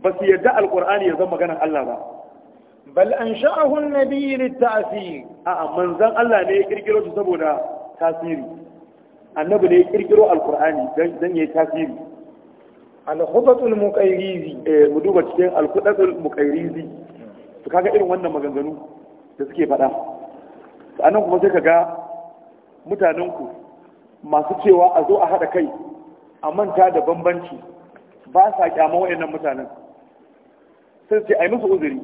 ba su ya zama maganar Allah ba bal an sha'ahu an-nabi lit a manzon Allah ne ya kirkiro su saboda tasiri annabi ne ya kirkiro alqur'ani dan yayi tasiri al-khutatul muqayrizi eh mu duba cikin al-khutatul muqayrizi to kaga irin wannan maganganu da suke faɗa anan kuma sai kaga mutanen ku masu cewa a zo a haɗa kai a manta da bambanci ba sa kyama wayannan mutanen sai ce ai musu uzuri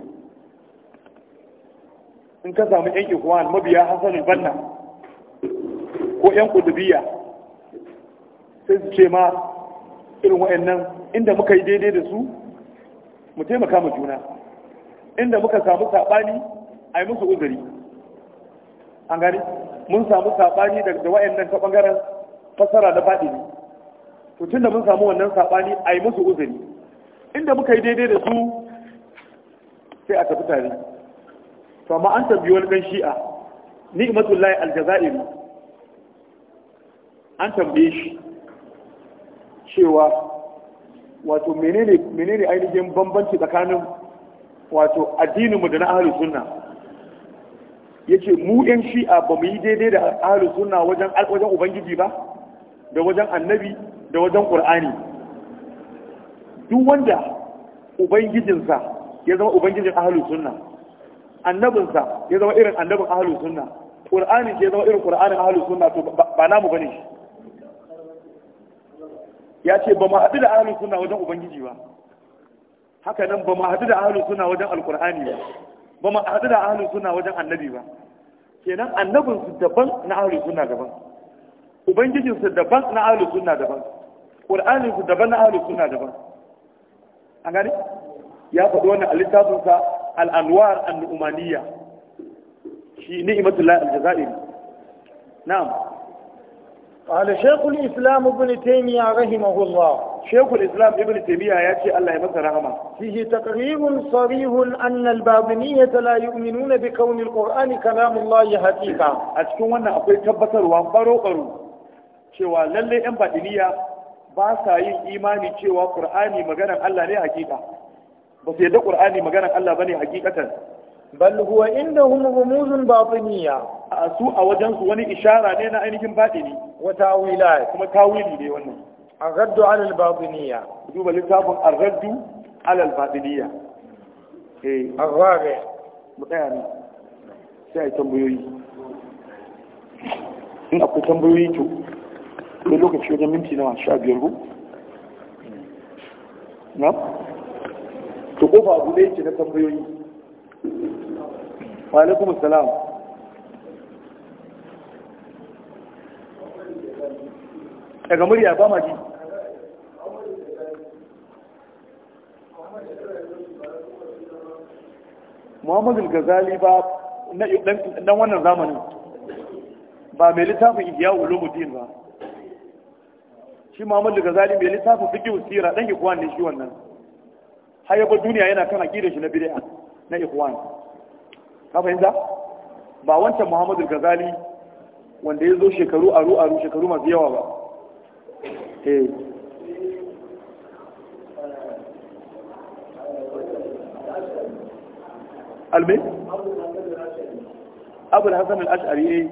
in ka samu yan ikwan mabiya hasanin banna ko yan kudubiya sai su ce ma irin wa'annan inda muka yi daidai da su mu taimaka ma juna inda muka samu saɓani a yi musu uzuri an gani mun samu saɓani da wa'annan ta ɓangaren fasara na faɗi ne to tun da mun samu wannan saɓani a yi musu uzuri inda muka yi daidai da su sai a tafi tare to amma an tambayi wani ɗan shi'a ni ni'matullahi aljazairi an tambaye shi cewa wato menene ainihin bambanci tsakanin wato addininmu da na ahlus sunna ce mu yan shi'a ba mu yi daidai da ahlus sunna wajen wajen ubangiji ba da wajen annabi da wajen Ƙur'ani. duk wanda ubangijinsa ya zama ubangijin ahlus sunna annabinsa ya zama irin annabin ahalu sunna qur'anin ya zama irin qur'anin ahalu sunna to ba namu bane ya ce ba mu haɗu da ahalu sunna wajen ubangiji ba haka nan ba mu haɗu da ahalu sunna wajen alqur'ani ba ba mu haɗu da ahalu sunna wajen annabi ba kenan annabinsu daban na ahalu sunna daban ubangijinsu daban na ahalu sunna daban qur'anin daban na ahalu sunna daban an gani ya faɗi wannan a littafinsa al’anwar al’umaniya shi ni imatullahi aljazari na'am قال شيخ الاسلام ابن تيميه رحمه الله شيخ الاسلام ابن تيميه يا شيخ الله يمسى رحمه فيه تقرير صريح ان البابنية لا يؤمنون بكون القران كلام الله حقيقة اشكون wannan akwai tabbatarwa baro baro cewa lallai yan badiniya ba sa yin imani cewa qur'ani maganar Allah ne hakika ba su yadda qur'ani maganar Allah bane hakikatan bal huwa indahum rumuzun batiniya a su a wajen su wani ishara ne na ainihin batini wa tawila kuma tawili ne wannan batiniya duba littafin دوب لتاب الرد batiniya الباطنية إيه الرابع ne sai tambayoyi in akwai tambayoyi to da lokaci wajen minti na sha biyar na ba abu da yake na tambayoyi wa alaikum salam daga murya ba ma ji muhammadu gazali ba dan wannan zamanin ba mai littafin ihya ulumuddin ba shi muhammadu gazali mai littafin fiqh sira dan kuwa ne shi wannan har yaba duniya yana kan aqidar shi na bid'a na ikhwan ka fahimta ba wancan Muhammadu Ghazali wanda ya zo shekaru aru aru shekaru masu yawa ba eh albe abu da hasan al'ashari ne eh.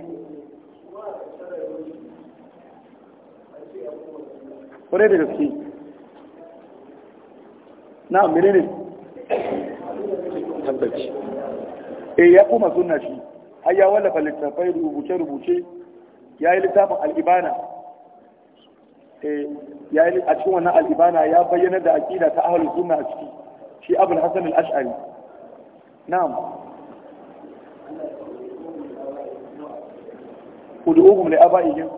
kwarai da gaske na mene ne tabbaci eh ya kuma sunna shi har ya wallafa littafai rubuce-rubuce ya yi littafin al'ibana eh, ya yi a cikin wannan al'ibana ya bayyana da aƙida ta ahalus sunna a ciki shi abul hasan al-ash'ari na'am ud'uhum li aba'ihim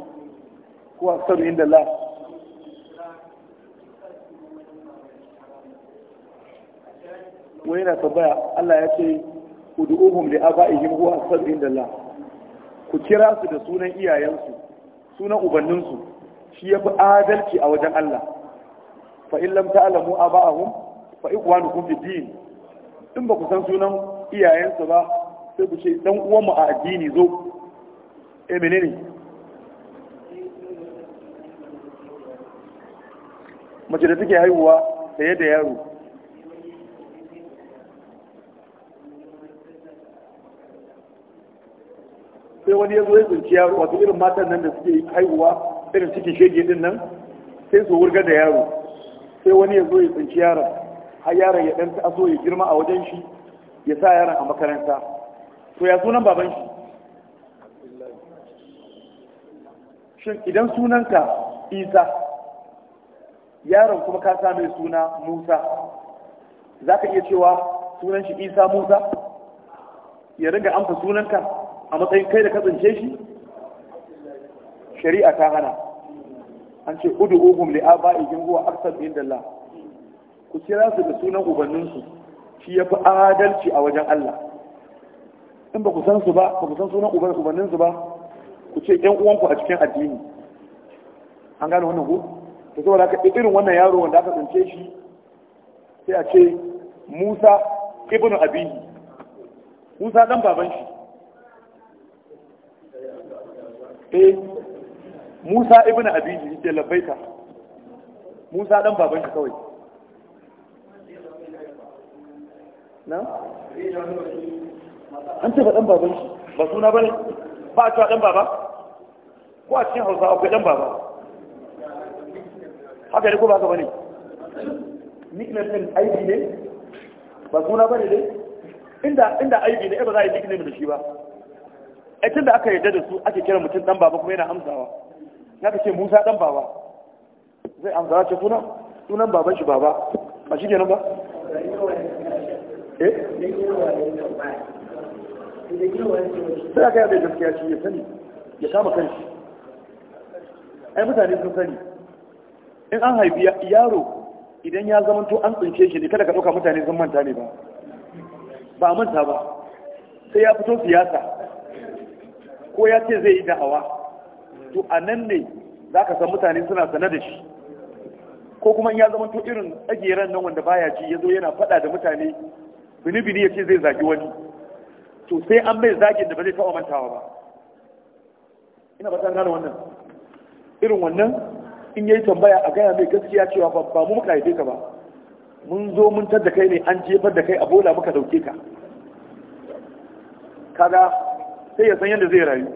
huwa sarru inda Allah kuma yana tambaya Allah ya ce ud'uhum li aba'ihim huwa asad indallah ku kira su da sunan iyayensu sunan ubanninsu shi yafi adalci a wajen Allah fa in lam ta'lamu aba'ahum fa ikwanukum fi din in ba ku san sunan iyayensu ba sai ku ce dan uwan mu a addini zo eh menene mace da take haihuwa sai da yaro sai wani ya zo ya tsinci yaro wato irin matan nan da suke haihuwa irin cikin shege din nan sai su wurga da yaro sai wani ya zo ya tsinci yaron har yaron ya dan taso ya girma a wajen shi ya sa yaron a makaranta to ya sunan baban shi shin idan sunanka isa yaron kuma ka sa mai suna musa za ka iya cewa sunan shi isa musa ya riga amsa sunanka a matsayin kai da kasance shi shari'a ta hana an ce udu uhum li aba'ihim huwa aqsad indallah ku kira su da sunan ubanninsu shi ya fi adalci a wajen Allah in ba ku san su ba ba ku san sunan ubanninsu ba ku ce 'yan uwanku a cikin addini an gane wannan ku to zuwa da irin wannan yaro wanda aka tsince shi sai a ce Musa ibn Abihi Musa dan baban shi eh Musa ibn Abidi yake labbaika Musa ɗan baban shi kawai na an ce ba ɗan baban shi ba suna bane ba a cewa ɗan baba ko a cikin Hausa akwai ɗan baba haka ne ko ba ka bane nickname din aibi ne ba suna bane ne inda inda aibi ne ba za a yi nickname da shi ba ai tunda aka yarda da su ake kira mutum dan baba kuma yana amsawa naka ce Musa dan baba zai amsawa ce sunan sunan baban shi baba ba shi kenan ba eh sai aka yarda gaskiya shi ya sani ya kama kanshi ai mutane sun sani in an haifi yaro idan ya zamanto an tsince shi ne kada ka ɗauka mutane sun manta ne ba ba a manta ba sai ya fito siyasa ko ya ce zai yi da'awa to a nan ne za ka san mutane suna sane da shi ko kuma ya zama to irin tsageren nan wanda baya ji ya zo yana faɗa da mutane bini-bini ya ce zai zagi wani to sai an bai zagin da ba zai taɓa mantawa ba ina ba ta gane wannan irin wannan in yayi tambaya a gaya mai gaskiya cewa ba mu muka haife ka ba mun zo mun tar da kai ne an jefar da kai a bola muka dauke ka kaga sai ya san yadda zai rayu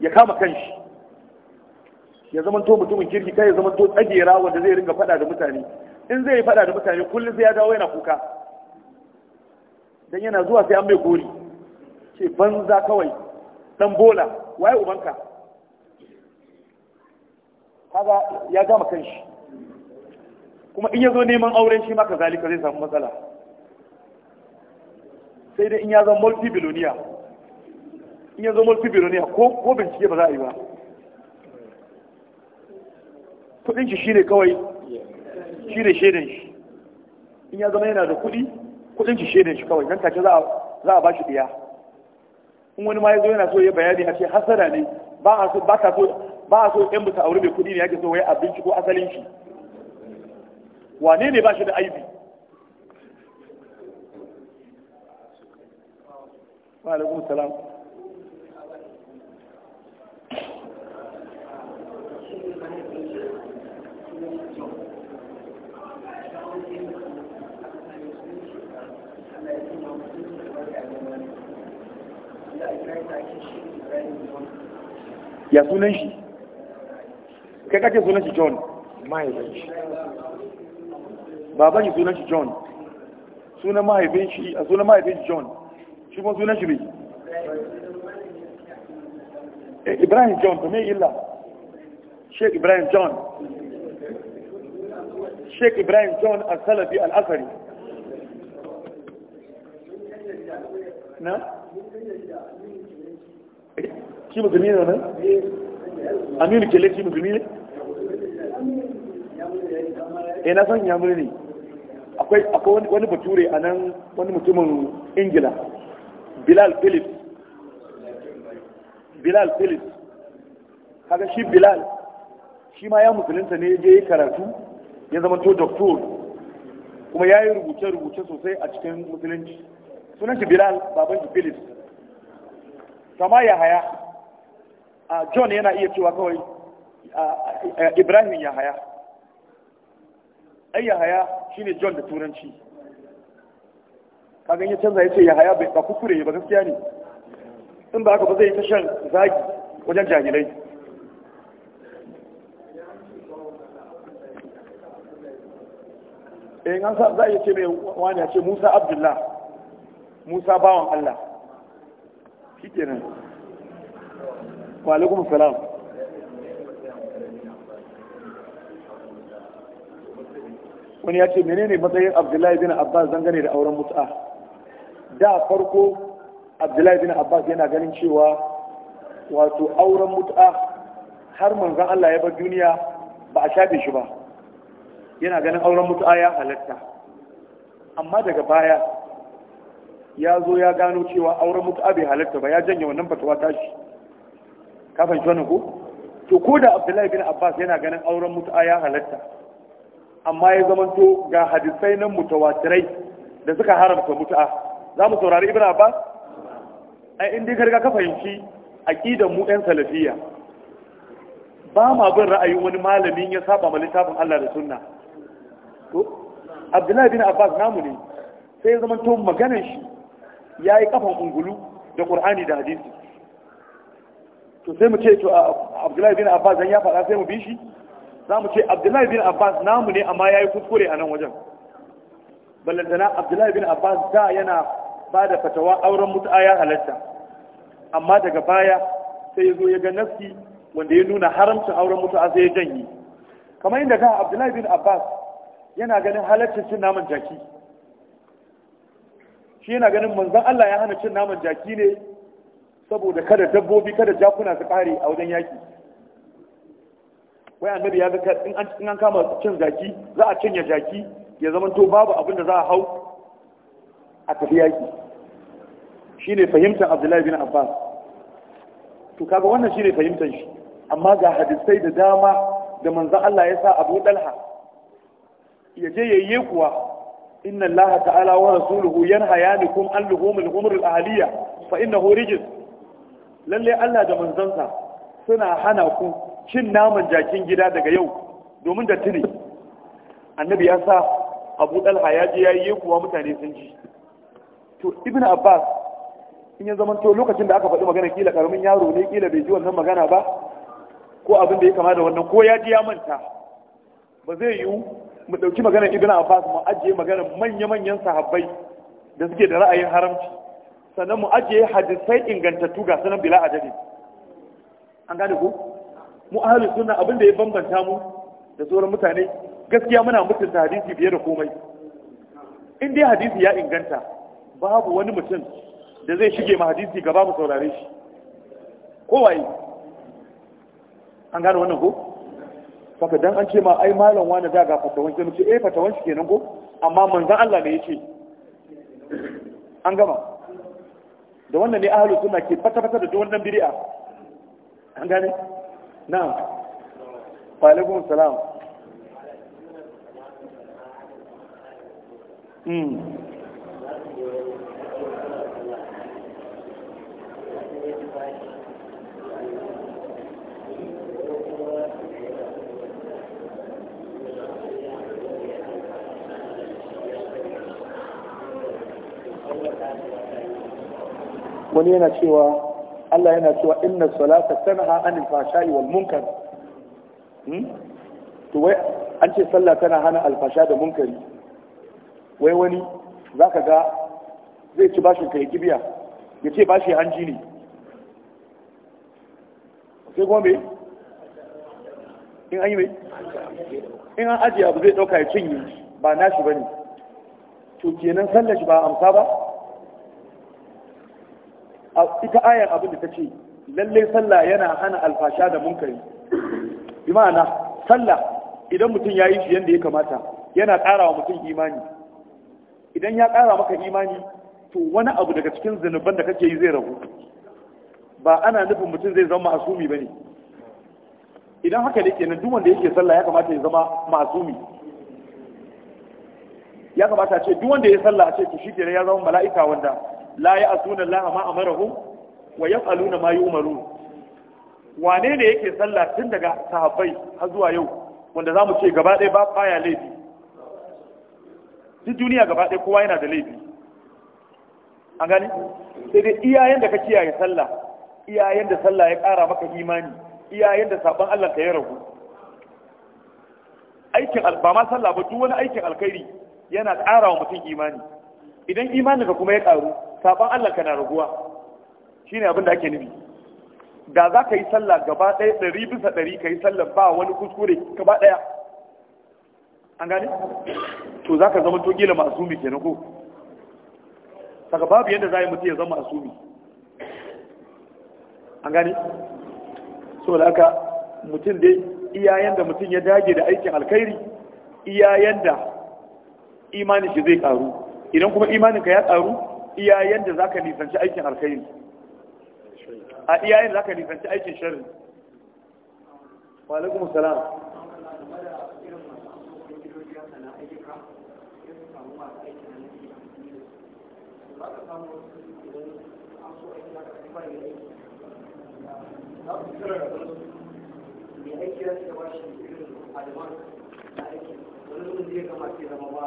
ya kama kanshi ya zama to mutumin kirki kai ya zama to tsagera wanda zai ringa fada da mutane in zai fada da mutane kullum sai ya dawo yana kuka dan yana zuwa sai an mai gori ce banza kawai dan bola waye ubanka kaga ya gama kanshi kuma in ya zo neman auren shi maka zalika zai samu matsala sai dai in ya zama multi biloniya in ya zo mulki biloniya ko bincike ba za a yi ba kudin shi shine kawai shi ne shaidan shi in ya zama yana da kudi kudin shi shaidan shi kawai nan take za a ba shi diya in wani ma ya zo yana so ya bayani a ce hasara ne ba a so ba ka so ba a so yan mutu aure mai kudi ne yake so wai abinci ko asalin shi wane ne ba shi da aibi wa alaikum salam ya sunan shi kai kake sunan shi john mahaifin shi baban shi sunan shi john sunan mahaifin shi a sunan mahaifin john shi kuma sunan shi ne eh, ibrahim john to me illa sheik ibrahim john sheik ibrahim john al-salafi al-asari na shi musulmi ne nan aminu kele shi musulmi ne eh na san ya ne akwai akwai wani bature a nan wani mutumin ingila bilal phillips bilal phillips kaga shi bilal shi ma ya musulunta ne je karatu ya zama to doktor kuma ya yi rubuce-rubuce sosai a cikin musulunci sunan shi bilal baban shi phillips sama ya haya john yana iya cewa kawai ibrahim ya haya ai ya haya ne john da turanci kagan ya canza ya ce ya haya ba kukure ba gaskiya ne in ba haka ba zai ta shan zagi wajen jahilai E an sa za a ce mai wani ya ce musa abdullah musa bawan allah shi kenan wa السلام wani ya ce mene ne matsayin abdullahi bin abbas gane da auren mutu'a da farko abdullahi bin abbas yana ganin cewa wato auren mutu'a har manzan allah ya bar duniya ba a shafe shi ba yana ganin auren mutu'a ya halatta amma daga baya ya zo ya gano cewa auren mutu'a bai halatta ba ya janye wannan fatawa tashi Kafin shi wani ku? to ko da abdullahi bin abbas yana ganin auren mutu'a ya halatta amma ya zamanto ga hadisai nan mutawatirai da suka haramta mutu'a za mu saurari ibn abbas ai in dai karga ka fahimci aqidan mu ɗan salafiyya ba ma bin ra'ayin wani malamin ya saba ma littafin Allah da sunna to abdullahi bin abbas namu ne sai ya zamanto maganar shi yayi kafan ungulu da ƙur'ani da hadisi to sai mu ce to abdullahi bin abbas dan ya fara sai mu bi shi za mu ce abdullahi bin abbas namu ne amma ya yi kuskure a nan wajen ballantana abdullahi bin abbas da yana bada fatawa auren mutu'a ya halatta amma daga baya sai ya zo ya ga nafsi wanda ya nuna haramcin auren mutu'a sai ya janye kamar inda ga abdullahi bin abbas yana ganin halaccin cin naman jaki shi yana ganin manzon allah ya hana cin naman jaki ne saboda kada dabbobi kada jakuna su kare a wajen yaki wai annabi ya ga in an kama cin zaki za a cinye jaki ya zama to babu abin da za a hau a tafi yaki shine fahimtar Abdullahi bin Abbas to kaga wannan shine fahimtar shi amma ga hadisai da dama da manza Allah ya sa Abu Dalha ya je yayye kuwa inna Allah ta'ala wa rasuluhu yanha yanikum an luhumil umr al ahliya fa innahu rijis lalle Allah da manzansa suna hana ku cin naman jakin gida daga yau domin da tuni annabi ya sa abu dalha ya je ya yi kuwa mutane sun ji to ibn abbas in ya zama to lokacin da aka faɗi magana kila karamin yaro ne kila bai ji wannan magana ba ko abin da ya kama da wannan ko ya ji ya manta ba zai yiwu mu ɗauki maganar ibn abbas mu ajiye maganar manya-manyan sahabbai da suke da ra'ayin haramci sannan mu ajiye hadisai ingantattu ga sanan bila adadin an gane ku mu ahlus sunna abin da ya bambanta mu da sauran mutane gaskiya muna mutunta hadisi fiye da komai in dai hadisi ya inganta babu wani mutum da zai shige ma hadisi gaba mu saurare shi Ko waye an gane wannan ko saka dan an ce ma ai malam wani da ga fatawan sai mu ce eh fatawan shi kenan ko amma manzon Allah ne yake an gama da wannan ne ahlus suna ke fata-fata da wannan biri'a an gane na'am wa salam hmm. wani yana cewa Allah yana cewa inna salata tanha anil fashai wal munkar hmm? to wai an ce sallah tana hana alfasha da munkari wai wani zaka ga zai ci bashin kai kibiya ya ce bashi hanji ne sai gome in an yi mai in an ajiye abu zai dauka ya cinye ba nashi bane to kenan sallar shi ba amsa ba ita ayar abin da ta ce lalle sallah yana hana alfasha da munkari bi ma'ana sallah idan mutum ya yi shi yadda ya kamata yana ƙara wa mutum imani idan ya ƙara maka imani to wani abu daga cikin zunuban da kake yi zai rabu ba ana nufin mutum zai zama masumi ba ne idan haka da kenan duk wanda yake sallah ya kamata ya zama masumi ya kamata a ce duk wanda ya sallah a ce to shi kenan ya zama mala'ika wanda la ya asuna Allah ma amarahum wa yaf'aluna ma umaru. wane ne yake sallah tun daga sahabbai har zuwa yau wanda zamu ce gaba ɗaya ba baya laifi duk duniya gaba ɗaya kowa yana da laifi an gani sai dai iyayen da ka kiyaye sallah iyayen da sallah ya ƙara maka imani iyayen da sabon Allah ka ya ragu aikin ba ma sallah ba duk wani aikin alkhairi yana ƙara wa mutum imani idan imaninka kuma ya karu saban Allah ka na raguwa shine abin da ake nufi da za ka yi sallah gaba ɗaya ɗari bisa ɗari ka yi sallah ba wani kuskure gaba ɗaya an gane to za ka zama togila mi ke ko saka babu yadda za a yi mutu ya zama mi an gane so da haka mutum dai iyayen da mutum ya dage da aikin alkhairi iyayen da imanin shi zai karu idan kuma imaninka ya tsaru iya yadda za ka nisanci aikin alkhairi a iya yadda za ka nisanci aikin sharri walaikum salam aiki ya ce ba shi irin aliman na aiki wani zai ke zama ba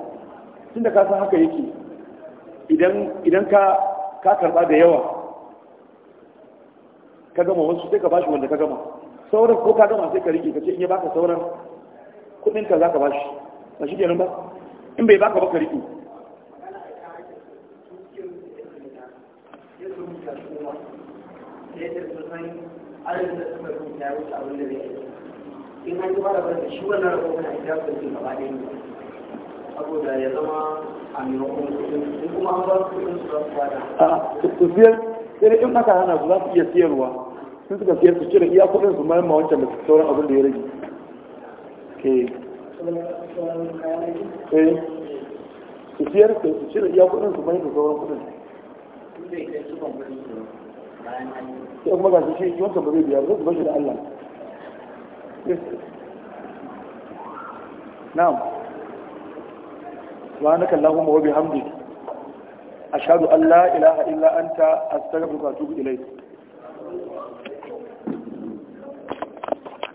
tunda ka san haka yake idan ka karba da yawa ka gama wasu sai ka bashi wanda ka gama sauran ko ka gama sai ka rike ka ce in ya baka sauran kudin ka bashi ba shi kenan ba in bai baka ba ka rike in an yi ba da shi wannan rahoton a gaba da ke gaba da yi saboda ya zama a maimakon kudin kuma an ba su kudin su zasu bada a siyar sai in aka hana su za su iya siyarwa sun suka siyar su cire iya kudin su mayan ma da sauran abin da ya rage ke eh, su siyar su cire iya kudin su mayan da sauran kuɗin. sai kuma gashi shi wancan ba zai biya ba zai bashi da Allah na'am subhanaka allahumma wa bihamdika ashhadu an la ilaha illa anta astaghfiruka wa atubu ilayk